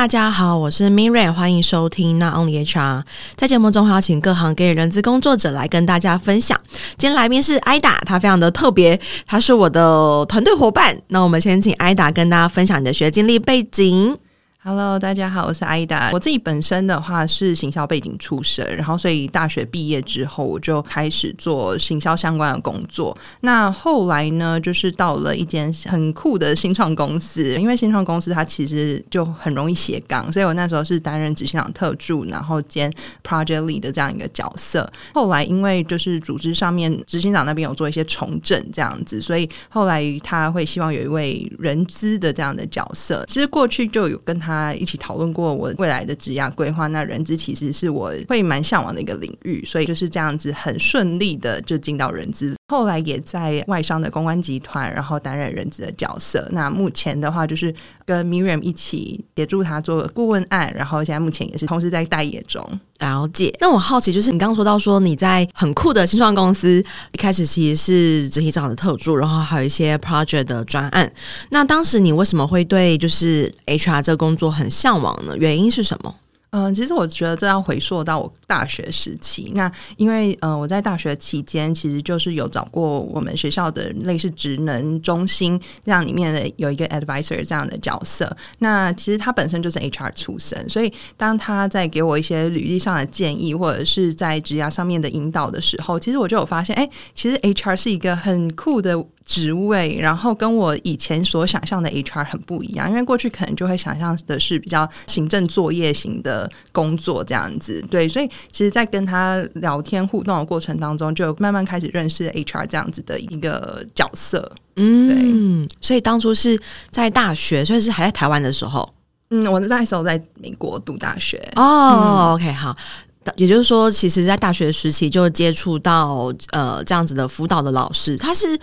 大家好，我是 Miriam，歡迎收聽《Not Only HR》。在節目中，邀請各行各業人資工作者來跟大家分享。今天來賓是 Ida，她非常的特別，她是我的團隊夥伴。那我們先請 Ida 跟大家分享你的學經歷背景。Hello，大家好，我是 Ida。我自己本身的話是行銷背景出身，然後所以大學畢業之後我就開始做行銷相關的工作。那後來呢，就是到了一間很酷的新創公司，因為新創公司它其實就很容易斜槓，所以我那時候是擔任執行長特助，然後兼 Project Lead 的這樣一個角色。後來因為就是組織上面執行長那邊有做一些重整這樣子，所以後來他會希望有一位人資的這樣的角色。其實過去就有跟他。他一起討論過我未來的職業規劃，那人資其實是我會蠻向往的一個領域，所以就是這樣子很順利的就進到人資。後來也在外商的公關集團，然後擔任人資的角色。那目前的話，就是跟 Miriam 一起協助他做顧問案，然後現在目前也是同時在待業中。了解，那我好奇，就是你剛說到說你在很酷的新創公司，一開始其實是執行長的特助，然後還有一些 project 的專案。那當時你為什麼會對就是 HR 這個工作很向往呢？原因是什麼？嗯，其實我覺得這要回溯到我大學時期。那因為呃，我在大學期間其實就是有找過我們學校的類似職能中心，這樣裡面的有一個 advisor 這樣的角色。那其實他本身就是 HR 出身，所以當他在給我一些履歷上的建議，或者是在職涯上面的引導的時候，其實我就有發現，哎、欸，其實 HR 是一個很酷的職位，然後跟我以前所想象的 HR 很不一樣，因為過去可能就會想象的是比較行政作業型的工作這樣子，對，所以其實，在跟他聊天互動的過程當中，就慢慢開始認識 HR 這樣子的一個角色，嗯，對。所以當初是在大學，所以是還在台灣的時候？嗯，我在那時候在美國讀大學，哦，嗯，哦，OK，好，也就是說，其實在大學時期就接觸到呃這樣子的輔導的老師，他是。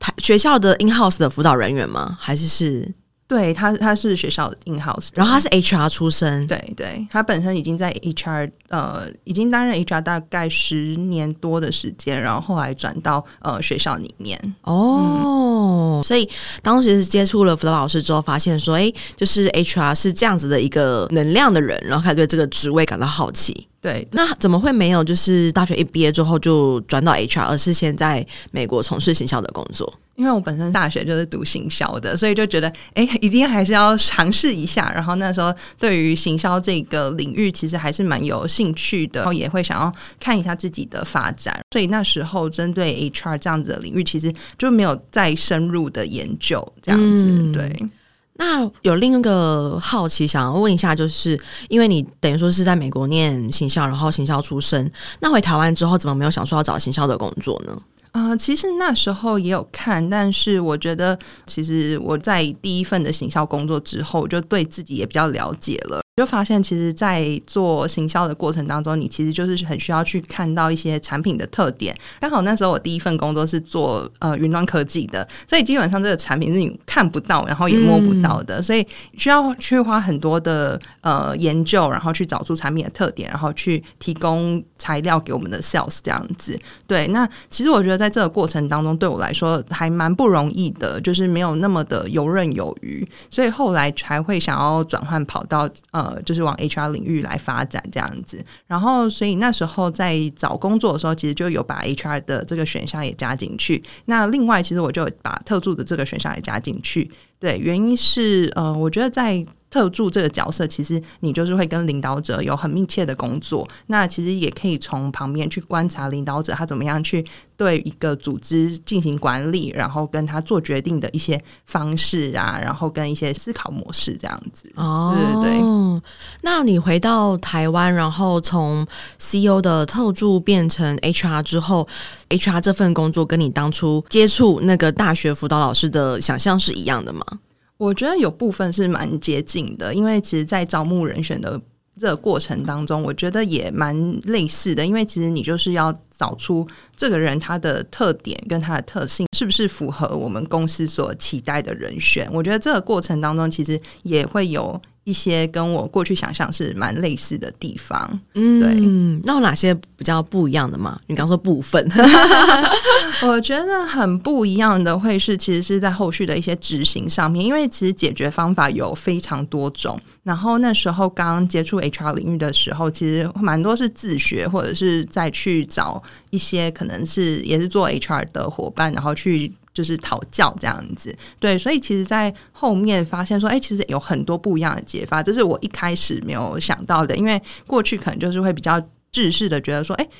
他學校的 in house 的輔導人員嗎？還是是對，他他是學校的 in house，然後他是 HR 出身，對對，他本身已經在 HR 呃已經擔任 HR 大概十年多的時間，然後後來轉到呃學校裡面哦、嗯，所以當時接觸了輔導老師之後，發現說誒，就是 HR 是這樣子的一個能量的人，然後他對這個職位感到好奇。對，那怎麼會沒有？就是大學一畢業之後就轉到 HR，而是先在美國從事行銷的工作。因為我本身大學就是讀行銷的，所以就覺得哎，一定還是要嘗試一下。然後那時候對於行銷這個領域其實還是蠻有興趣的，然後也會想要看一下自己的發展。所以那時候針對 HR 這樣子的領域，其實就沒有再深入的研究這樣子。嗯、對。那有另一個好奇想要問一下，就是因為你等於說是在美國念行銷，然後行銷出身，那回台灣之後怎麼沒有想說要找行銷的工作呢？啊、呃，其實那時候也有看，但是我覺得其實我在第一份的行銷工作之後，就對自己也比較了解了。就發現，其實，在做行銷的過程當中，你其實就是很需要去看到一些產品的特點。剛好那時候，我第一份工作是做呃雲端科技的，所以基本上這個產品是你看不到，然後也摸不到的，嗯。所以需要去花很多的呃研究，然後去找出產品的特點，然後去提供材料給我們的 sales 這樣子，對，那其實我覺得在這個過程當中，對我來說還蠻不容易的，就是沒有那麼的游刃有餘，所以後來才會想要轉換跑道，呃，就是往 HR 領域來發展這樣子。然後，所以那時候在找工作的時候，其實就有把 HR 的這個選項也加進去。那另外，其實我就把特助的這個選項也加進去。對，原因是呃，我覺得在特助這個角色，其實你就是會跟領導者有很密切的工作。那其實也可以從旁邊去觀察領導者他怎麼樣去對一個組織進行管理，然後跟他做決定的一些方式啊，然後跟一些思考模式這樣子。哦，對對對。那你回到台灣，然後從 CEO 的特助變成 HR 之後，HR 這份工作跟你當初接觸那個大學輔導老師的想象是一樣的嗎？我覺得有部分是蠻接近的，因為其實，在招募人選的這個過程當中，我覺得也蠻類似的。因為其實你就是要找出這個人他的特點跟他的特性是不是符合我們公司所期待的人選。我覺得這個過程當中，其實也會有。一些跟我過去想象是蠻類似的地方，嗯，對，嗯，那有哪些比較不一樣的嗎？你剛說部分， 我覺得很不一樣的會是，其實是在後續的一些執行上面，因為其實解決方法有非常多種。然後那時候剛接觸 HR 領域的時候，其實蠻多是自學，或者是再去找一些可能是也是做 HR 的夥伴，然後去。就是討教這樣子，對，所以其實在後面發現說，誒、欸，其實有很多不一樣的解法，這是我一開始沒有想到的。因為過去可能就是會比較制式的，覺得說，哎、欸，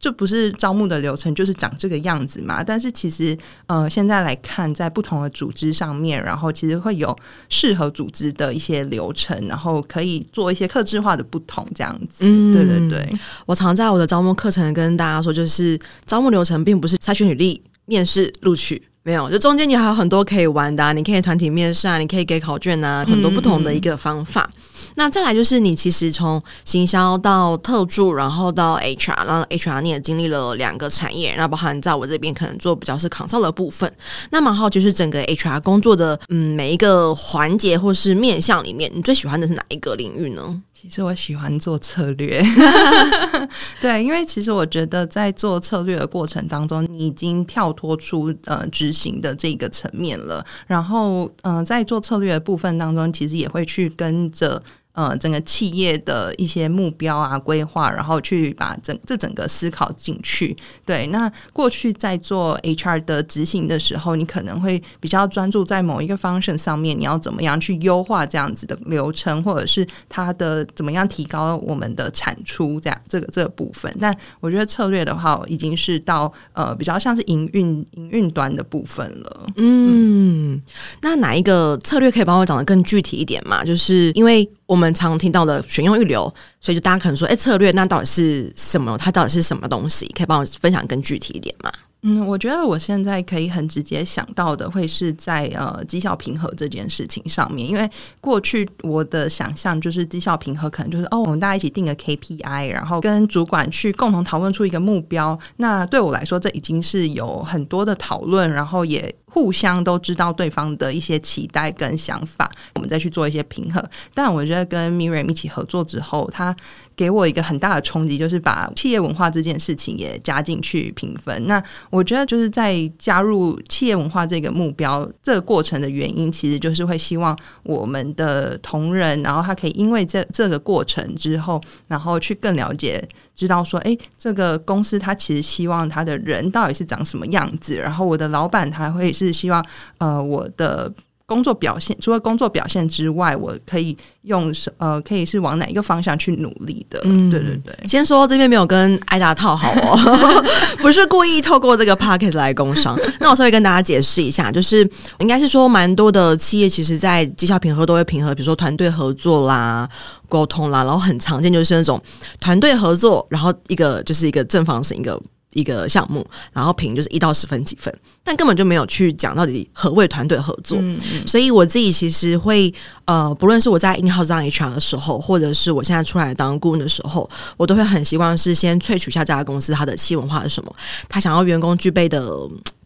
這不是招募的流程，就是長這個樣子嘛。但是其實，呃，現在來看，在不同的組織上面，然後其實會有適合組織的一些流程，然後可以做一些客製化的不同這樣子、嗯。對對對。我常在我的招募課程跟大家說，就是招募流程並不是篩選履歷、面試、錄取。沒有，就中間你還有很多可以玩的，啊，你可以團體面試啊，你可以給考卷啊，很多不同的一個方法。嗯、那再來就是，你其實從行銷到特助，然後到 HR，然後 HR 你也經歷了兩個產業，然包含在我這邊可能做比較是抗 o 的部分。那馬浩，就是整個 HR 工作的嗯每一個環節或是面向裡面，你最喜歡的是哪一個領域呢？其實我喜歡做策略 對，因為其實我覺得在做策略的過程當中，你已經跳脫出呃執行的這個層面了。然後，嗯、呃，在做策略的部分當中，其實也會去跟着。呃，整個企業的一些目標啊、規劃，然後去把整這整個思考進去。對，那過去在做 HR 的執行的時候，你可能會比較專注在某一個 function 上面，你要怎麼樣去優化這樣子的流程，或者是它的怎麼樣提高我們的產出這樣這個這個部分。但我覺得策略的話，已經是到呃比較像是營運營運端的部分了嗯。嗯，那哪一個策略可以幫我講得更具體一點嘛？就是因為。我們常聽到的選用育留，所以就大家可能說，誒，策略那到底是什麼？它到底是什麼東西？可以幫我分享更具體一點嗎？嗯，我覺得我現在可以很直接想到的，會是在呃績效評核這件事情上面，因為過去我的想象就是績效評核，可能就是哦，我們大家一起定個 KPI，然後跟主管去共同討論出一個目標。那對我來說，這已經是有很多的討論，然後也。互相都知道對方的一些期待跟想法，我們再去做一些平衡。但我覺得跟 Miriam 一起合作之後，他給我一個很大的衝擊，就是把企業文化這件事情也加進去評分。那我覺得就是在加入企業文化這個目標這個過程的原因，其實就是會希望我們的同仁，然後他可以因為這這個過程之後，然後去更了解，知道說，哎，這個公司他其實希望他的人到底是長什麼樣子，然後我的老板他會。是希望呃我的工作表現，除了工作表現之外，我可以用呃可以是往哪一個方向去努力的？嗯，對對對。先說這邊沒有跟艾達套好哦， 不是故意透過這個 podcast 來工商。 那我稍微跟大家解釋一下，就是應該是說蠻多的企業其實，在績效評核都會評核，比如說團隊合作啦、溝通啦，然後很常見就是那種團隊合作，然後一個就是一個正方形一個。一個項目，然後評就是一到十分幾分，但根本就沒有去講到底何謂團隊合作、嗯嗯。所以我自己其實會呃，不論是我在 in-house 當 HR 的時候，或者是我現在出來當顧問的時候，我都會很希望是先萃取一下這家公司它的企業文化是什麼，他想要員工具備的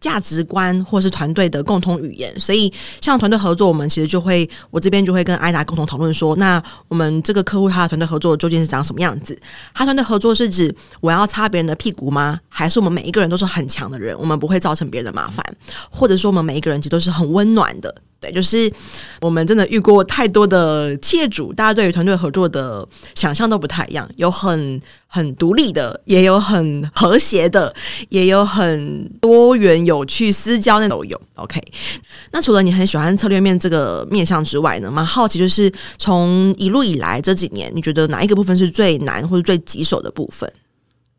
價值觀，或是團隊的共同語言，所以像團隊合作，我們其實就會，我這邊就會跟艾達共同討論說，那我們這個客戶他的團隊合作究竟是長什麼樣子？他團隊合作是指我要擦別人的屁股嗎？還是我們每一個人都是很強的人，我們不會造成別人的麻煩，或者說我們每一個人其實都是很溫暖的。對，就是我們真的遇過太多的企業主，大家對於團隊合作的想象都不太一樣，有很很獨立的，也有很和諧的，也有很多元有趣私交的都有。OK，那除了你很喜歡策略面這個面向之外呢，蠻好奇就是從一路以來這幾年，你覺得哪一個部分是最難或者最棘手的部分？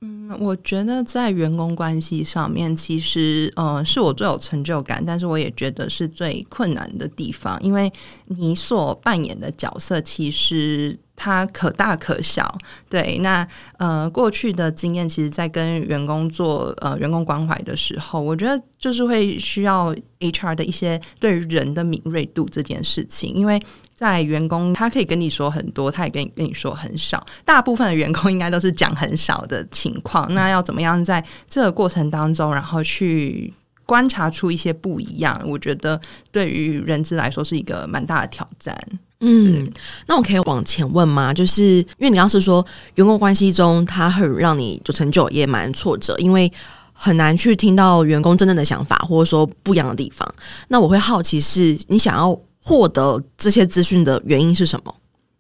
嗯，我覺得在員工關係上面，其實，呃，是我最有成就感，但是我也覺得是最困難的地方，因為你所扮演的角色其實。它可大可小，對，那呃，過去的經驗，其實在跟員工做呃員工關懷的時候，我覺得就是會需要 HR 的一些對於人的敏銳度這件事情，因為在員工他可以跟你說很多，他也跟你跟你說很少，大部分的員工應該都是講很少的情況，那要怎麼樣在這個過程當中，然後去觀察出一些不一樣，我覺得對於人資來說是一個蠻大的挑戰。嗯，那我可以往前問嗎？就是因為你剛是說員工關係中，他很讓你就成就也蠻挫折，因為很難去聽到員工真正的想法，或者說不一樣的地方。那我會好奇是你想要獲得這些資訊的原因是什麼？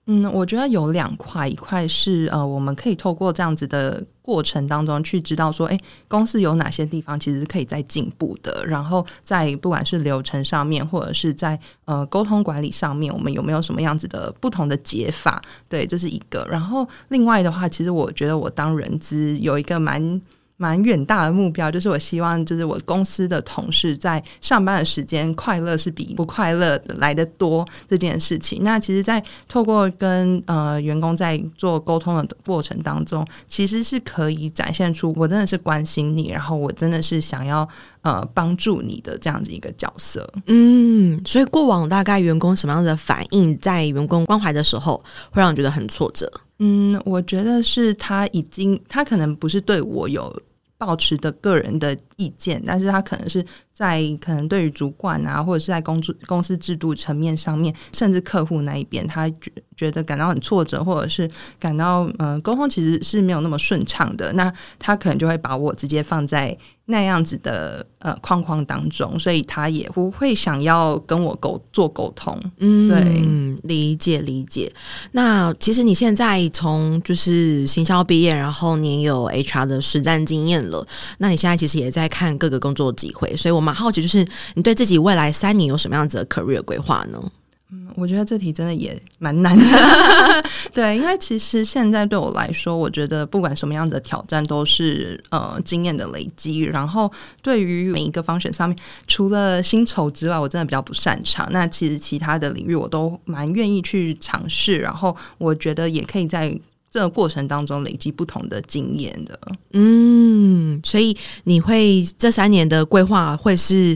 嗯，我覺得有兩塊，一塊是呃，我們可以透過這樣子的過程當中去知道說，誒，公司有哪些地方其實是可以再進步的，然後在不管是流程上面，或者是在呃溝通管理上面，我們有沒有什麼樣子的不同的解法？對，這是一個。然後另外的話，其實我覺得我當人資有一個蠻。蠻遠大的目標，就是我希望，就是我公司的同事在上班的時間快樂是比不快樂來得多這件事情。那其實，在透過跟呃員工在做溝通的過程當中，其實是可以展現出我真的是關心你，然後我真的是想要呃幫助你的這樣子一個角色。嗯，所以過往大概員工什麼樣的反應，在員工關懷的時候，會讓我覺得很挫折？嗯，我覺得是他已經，他可能不是對我有。抱持的個人的意見，但是他可能是在可能對於主管啊，或者是在工作公司制度層面上面，甚至客戶那一邊，他覺覺得感到很挫折，或者是感到嗯溝通其實是沒有那麼順暢的，那他可能就會把我直接放在。那樣子的呃框框當中，所以他也會想要跟我溝做溝通，嗯，對，嗯，理解理解。那其實你現在從就是行銷畢業，然後你有 HR 的實戰經驗了，那你現在其實也在看各個工作機會，所以我蠻好奇，就是你對自己未來三年有什麼樣子的 career 規劃呢？嗯，我覺得這題真的也蠻難的 對，因為其實現在對我來說，我覺得不管什麼樣的挑戰都是呃經驗的累積。然後對於每一個 function 上面，除了薪酬之外，我真的比較不擅長。那其實其他的領域我都蠻願意去嘗試，然後我覺得也可以在這個過程當中累積不同的經驗的。嗯，所以你會這三年的規劃會是？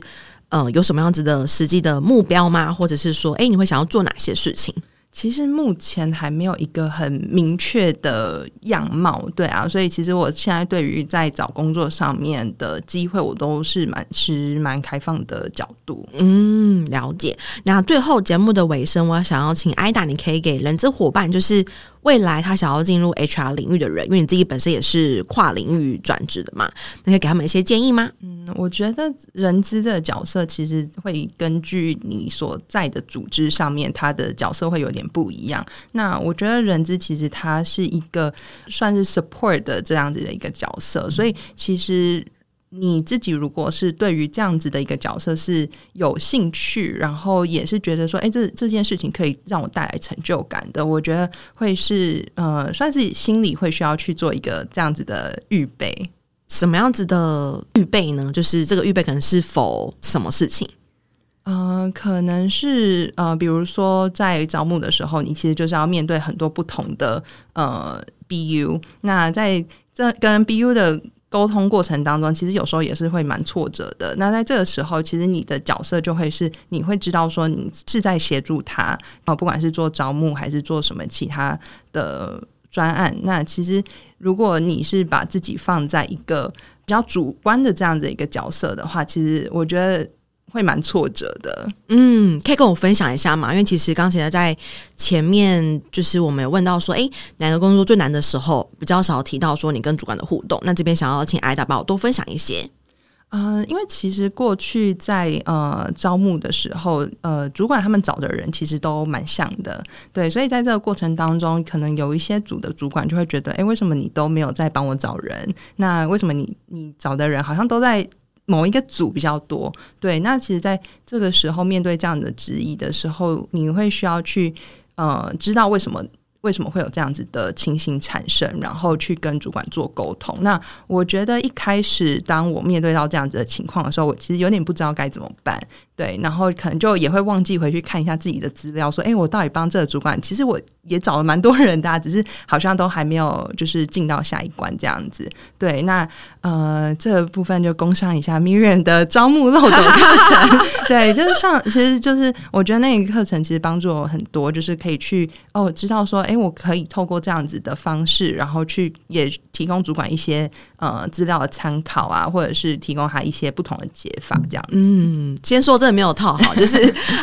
呃，有什麼樣子的實際的目標嗎？或者是說，哎、欸，你會想要做哪些事情？其實目前還沒有一個很明確的樣貌，對啊，所以其實我現在對於在找工作上面的機會，我都是蠻是蠻開放的角度。嗯，了解。那最後節目的尾聲，我想要請艾達，你可以給人資夥伴就是。未來他想要進入 HR 領域的人，因為你自己本身也是跨領域轉職的嘛，你可以給他們一些建議嗎？嗯，我覺得人資的角色其實會根據你所在的組織上面，他的角色會有點不一樣。那我覺得人資其實他是一個算是 support 的這樣子的一個角色，嗯，所以其實。你自己如果是對於這樣子的一個角色是有興趣，然後也是覺得說，哎、欸，這這件事情可以讓我帶來成就感的，我覺得會是呃，算是心裡會需要去做一個這樣子的預備。什麼樣子的預備呢？就是這個預備可能是否什麼事情？呃，可能是呃，比如說在招募的時候，你其實就是要面對很多不同的呃 BU，那在這跟 BU 的。溝通過程當中，其實有時候也是會蠻挫折的。那在這個時候，其實你的角色就會是，你會知道說你是在協助他，然後不管是做招募還是做什麼其他的專案。那其實如果你是把自己放在一個比較主觀的這樣的一個角色的話，其實我覺得。會蠻挫折的，嗯，可以跟我分享一下嗎？因為其實剛才在前面，就是我們有問到說，欸，哪個工作最難的時候比較少提到說你跟主管的互動。那這邊想要請 Ida 幫我多分享一些。呃，因為其實過去在呃招募的時候，呃，主管他們找的人其實都蠻像的，對，所以在這個過程當中，可能有一些組的主管就會覺得，欸，為什麼你都沒有在幫我找人？那為什麼你你找的人好像都在？某一個組比較多，對，那其實在這個時候面對這樣的質疑的時候，你會需要去呃知道為什麼為什麼會有這樣子的情形產生，然後去跟主管做溝通。那我覺得一開始當我面對到這樣子的情況的時候，我其實有點不知道該怎麼辦。對，然後可能就也會忘記回去看一下自己的資料，說，哎，我到底幫這個主管，其實我也找了蠻多人的，大家只是好像都還沒有就是進到下一關這樣子。對，那呃，這個，部分就工商一下 Miriam 的招募漏斗課程。 對，就是上，其實就是我覺得那個課程其實幫助我很多，就是可以去哦，知道說，哎，我可以透過這樣子的方式，然後去也提供主管一些呃資料的參考啊，或者是提供他一些不同的解法這樣子。嗯，先說這。 沒有套好，就是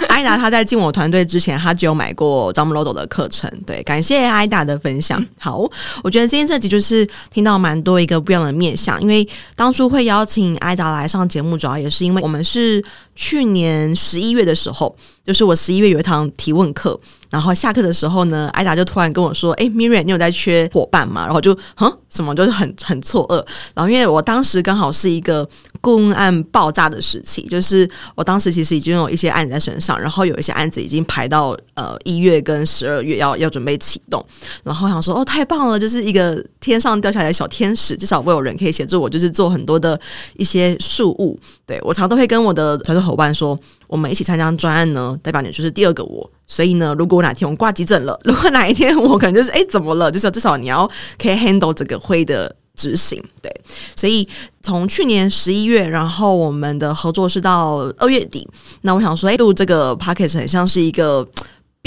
艾達他在進我團隊之前，他只有買過張木羅的課程。對，感謝艾達的分享。好，我覺得今天這集就是聽到蠻多一個不一樣的面向，因為當初會邀請艾達來上節目，主要也是因為我們是。去年十一月的時候，就是我十一月有一堂提問課，然後下課的時候呢，艾達就突然跟我說：“哎，Miriam，你有在缺夥伴嗎？”然後就，哼，什麼就是很很錯愕。然後因為我當時剛好是一個顧問案爆炸的時期，就是我當時其實已經有一些案子在身上，然後有一些案子已經排到呃一月跟十二月要要準備啟動。然後我想說，哦，太棒了，就是一個天上掉下來的小天使，至少會有人可以協助我，就是做很多的一些事物。對，我常常都會跟我的夥伴說，我們一起參加專案呢，代表你就是第二個我。所以呢，如果哪天我掛急診了，如果哪一天我可能就是誒，怎麼了？就是至少你要可以 handle 這個會的執行。對，所以從去年十一月，然後我們的合作是到二月底。那我想說，誒，錄這個 Podcast 很像是一個。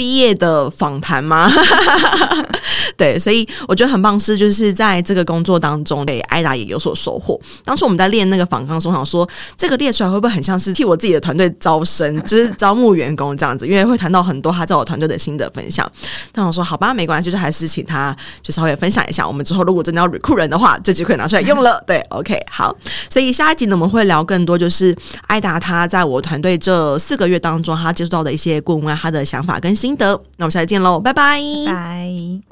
畢業的訪談嗎？ 對，所以我覺得很棒，是就是在這個工作當中，對，艾達也有所收穫。當時我們在練那個訪談的時候，想說這個列出來會不會很像是替我自己的團隊招生，就是招募員工這樣子？因爲會談到很多他在我團隊的心得分享。但我說好吧，沒關係，就還是請他就稍微分享一下。我們之後如果真的要 recruit 人的話，這就可以拿出來用了。 對，OK，好。所以下一集呢，我們會聊更多，就是艾達他在我團隊這四個月當中，他接觸到的一些顧問，他的想法跟心。那我們下次見嘍，拜拜。Bye bye